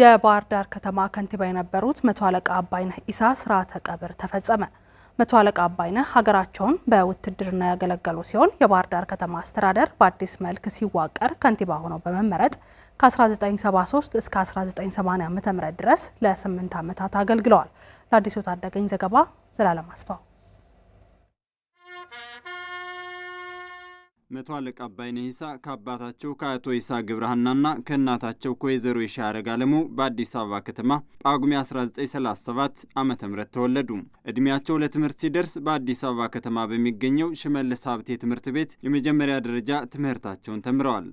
የባህር ዳር ከተማ ከንቲባ የነበሩት መቶ አለቃ አባይነህ ኢሳ ስርዓተ ቀብር ተፈጸመ። መቶ አለቃ አባይነህ ሀገራቸውን በውትድርና ያገለገሉ ሲሆን የባህር ዳር ከተማ አስተዳደር በአዲስ መልክ ሲዋቀር ከንቲባ ሆነው በመመረጥ ከ1973 እስከ 1980 ዓ.ም ድረስ ለ8 ዓመታት አገልግለዋል። ለአዲሱ ታደገኝ ዘገባ ዘላለም አስፋው መቶ አለቃ አባይነህ ይሳ ከአባታቸው ከአቶ ይሳ ግብረሃናና ከእናታቸው ከወይዘሮ ይሻ አረግ አለሙ በአዲስ አበባ ከተማ ጳጉሜ 1937 ዓ ም ተወለዱ። እድሜያቸው ለትምህርት ሲደርስ በአዲስ አበባ ከተማ በሚገኘው ሽመልስ ሀብቴ ትምህርት ቤት የመጀመሪያ ደረጃ ትምህርታቸውን ተምረዋል።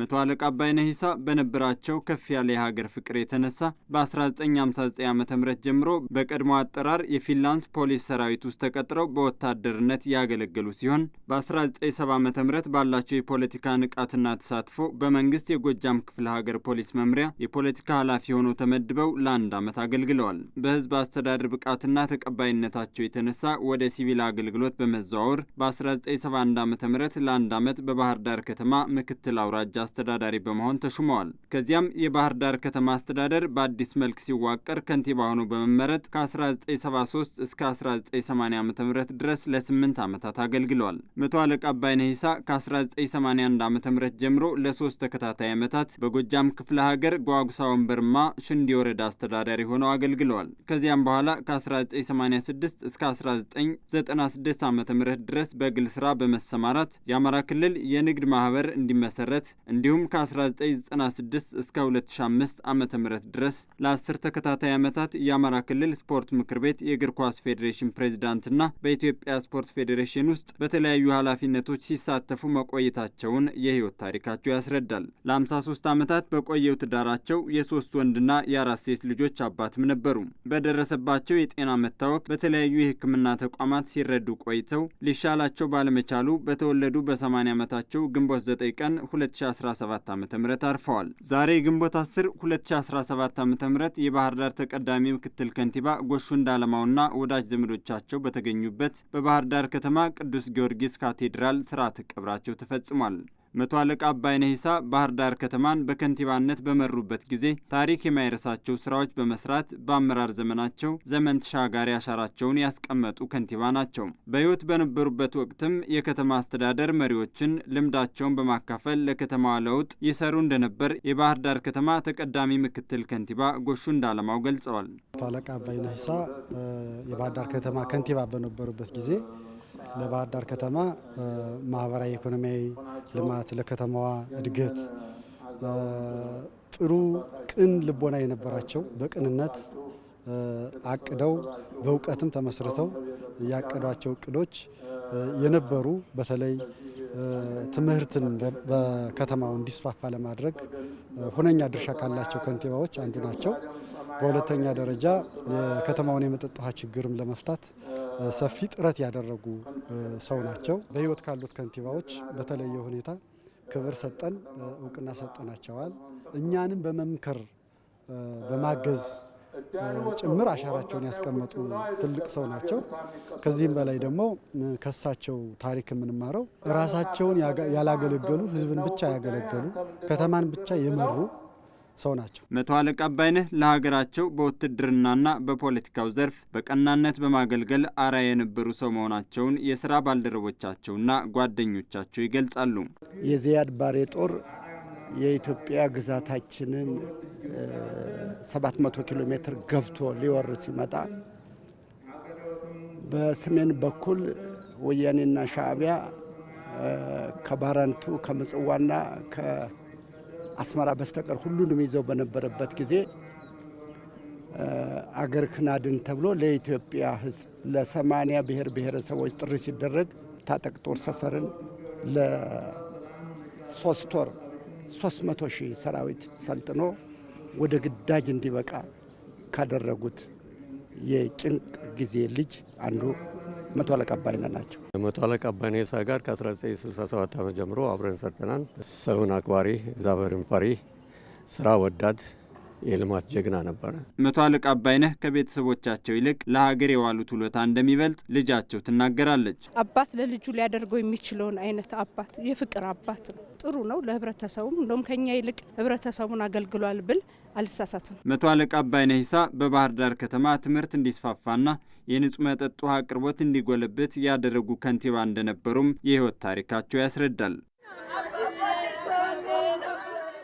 መቶ አለቃ አባይነህ ሂሳ በነበራቸው ከፍ ያለ የሀገር ፍቅር የተነሳ በ1959 ዓ ም ጀምሮ በቀድሞ አጠራር የፊንላንስ ፖሊስ ሰራዊት ውስጥ ተቀጥረው በወታደርነት ያገለገሉ ሲሆን በ1970 ዓ ም ባላቸው የፖለቲካ ንቃትና ተሳትፎ በመንግስት የጎጃም ክፍለ ሀገር ፖሊስ መምሪያ የፖለቲካ ኃላፊ ሆነው ተመድበው ለአንድ ዓመት አገልግለዋል። በህዝብ አስተዳደር ብቃትና ተቀባይነታቸው የተነሳ ወደ ሲቪል አገልግሎት በመዘዋወር በ1971 ዓ ም ለአንድ ዓመት በባህር ዳር ከተማ ምክትል አውራጃ አስተዳዳሪ በመሆን ተሹመዋል። ከዚያም የባህር ዳር ከተማ አስተዳደር በአዲስ መልክ ሲዋቀር ከንቲባ ሆኖ በመመረጥ ከ1973 እስከ 1980 ዓ ም ድረስ ለ8 ዓመታት አገልግለዋል። መቶ አለቃ አባይነህ ሂሳ ከ1981 ዓ ም ጀምሮ ለሶስት ተከታታይ ዓመታት በጎጃም ክፍለ ሀገር ጓጉሳ ወንበርማ ሽንዲ ወረዳ አስተዳዳሪ ሆነው አገልግለዋል። ከዚያም በኋላ ከ1986 እስከ 1996 ዓ ም ድረስ በግል ስራ በመሰማራት የአማራ ክልል የንግድ ማህበር እንዲመሰረት እንዲሁም ከ1996 እስከ 2005 ዓ ም ድረስ ለአስር ተከታታይ ዓመታት የአማራ ክልል ስፖርት ምክር ቤት የእግር ኳስ ፌዴሬሽን ፕሬዝዳንትና በኢትዮጵያ ስፖርት ፌዴሬሽን ውስጥ በተለያዩ ኃላፊነቶች ሲሳተፉ መቆየታቸውን የህይወት ታሪካቸው ያስረዳል። ለ53 ዓመታት በቆየው ትዳራቸው የሶስት ወንድና የአራት ሴት ልጆች አባትም ነበሩ። በደረሰባቸው የጤና መታወክ በተለያዩ የህክምና ተቋማት ሲረዱ ቆይተው ሊሻላቸው ባለመቻሉ በተወለዱ በ80 ዓመታቸው ግንቦት 9 ቀን 2015 2017 ዓ.ም አርፈዋል። ዛሬ ግንቦት 10 2017 ዓም የባህር ዳር ተቀዳሚ ምክትል ከንቲባ ጎሹ እንዳለማውና ወዳጅ ዘመዶቻቸው በተገኙበት በባህር ዳር ከተማ ቅዱስ ጊዮርጊስ ካቴድራል ስርዓተ ቀብራቸው ተፈጽሟል። መቶ አለቃ አባይነ ሂሳ ባህር ዳር ከተማን በከንቲባነት በመሩበት ጊዜ ታሪክ የማይረሳቸው ስራዎች በመስራት በአመራር ዘመናቸው ዘመን ተሻጋሪ አሻራቸውን ያስቀመጡ ከንቲባ ናቸው። በሕይወት በነበሩበት ወቅትም የከተማ አስተዳደር መሪዎችን ልምዳቸውን በማካፈል ለከተማዋ ለውጥ ይሰሩ እንደነበር የባህር ዳር ከተማ ተቀዳሚ ምክትል ከንቲባ ጎሹ እንዳለማው ገልጸዋል። መቶ አለቃ አባይነ ሂሳ የባህር ዳር ከተማ ከንቲባ በነበሩበት ጊዜ ለባህር ዳር ከተማ ማህበራዊ፣ ኢኮኖሚያዊ ልማት ለከተማዋ እድገት ጥሩ ቅን ልቦና የነበራቸው በቅንነት አቅደው በእውቀትም ተመስርተው ያቀዷቸው እቅዶች የነበሩ በተለይ ትምህርትን በከተማው እንዲስፋፋ ለማድረግ ሁነኛ ድርሻ ካላቸው ከንቲባዎች አንዱ ናቸው። በሁለተኛ ደረጃ የከተማውን የመጠጥ ውሃ ችግርም ለመፍታት ሰፊ ጥረት ያደረጉ ሰው ናቸው። በህይወት ካሉት ከንቲባዎች በተለየ ሁኔታ ክብር ሰጠን፣ እውቅና ሰጠናቸዋል። እኛንም በመምከር በማገዝ ጭምር አሻራቸውን ያስቀመጡ ትልቅ ሰው ናቸው። ከዚህም በላይ ደግሞ ከሳቸው ታሪክ የምንማረው ራሳቸውን ያላገለገሉ ህዝብን ብቻ ያገለገሉ ከተማን ብቻ የመሩ ሰው ናቸው። መቶ አለቃ አባይነህ ለሀገራቸው በውትድርናና በፖለቲካው ዘርፍ በቀናነት በማገልገል አራ የነበሩ ሰው መሆናቸውን የስራ ባልደረቦቻቸውና ጓደኞቻቸው ይገልጻሉ። የዚያድ ባሬ ጦር የኢትዮጵያ ግዛታችንን 700 ኪሎ ሜትር ገብቶ ሊወር ሲመጣ በሰሜን በኩል ወያኔና ሻዕቢያ ከባረንቱ ከምጽዋና አስመራ በስተቀር ሁሉንም ይዘው በነበረበት ጊዜ አገር ክናድን ተብሎ ለኢትዮጵያ ሕዝብ ለሰማንያ ብሔር ብሔረሰቦች ጥሪ ሲደረግ ታጠቅ ጦር ሰፈርን ለሶስት ወር ሶስት መቶ ሺህ ሰራዊት ሰልጥኖ ወደ ግዳጅ እንዲበቃ ካደረጉት የጭንቅ ጊዜ ልጅ አንዱ መቶ አለቃ አባይነህ ናቸው። መቶ አለቃ አባይነህ ጋር ከ1967 ዓመት ጀምሮ አብረን ሰርተናል። ሰውን አክባሪ፣ እግዚአብሔርን ፈሪ፣ ስራ ወዳድ የልማት ጀግና ነበረ። መቶ አለቃ አባይነህ ከቤተሰቦቻቸው ይልቅ ለሀገር የዋሉት ውለታ እንደሚበልጥ ልጃቸው ትናገራለች። አባት ለልጁ ሊያደርገው የሚችለውን አይነት አባት የፍቅር አባት ነው። ጥሩ ነው ለህብረተሰቡም። እንደውም ከኛ ይልቅ ህብረተሰቡን አገልግሏል ብል አልሳሳትም። መቶ አለቃ አባይነህ ይሳ በባህር ዳር ከተማ ትምህርት እንዲስፋፋና የንጹህ መጠጥ ውሃ አቅርቦት እንዲጎለበት ያደረጉ ከንቲባ እንደነበሩም የህይወት ታሪካቸው ያስረዳል።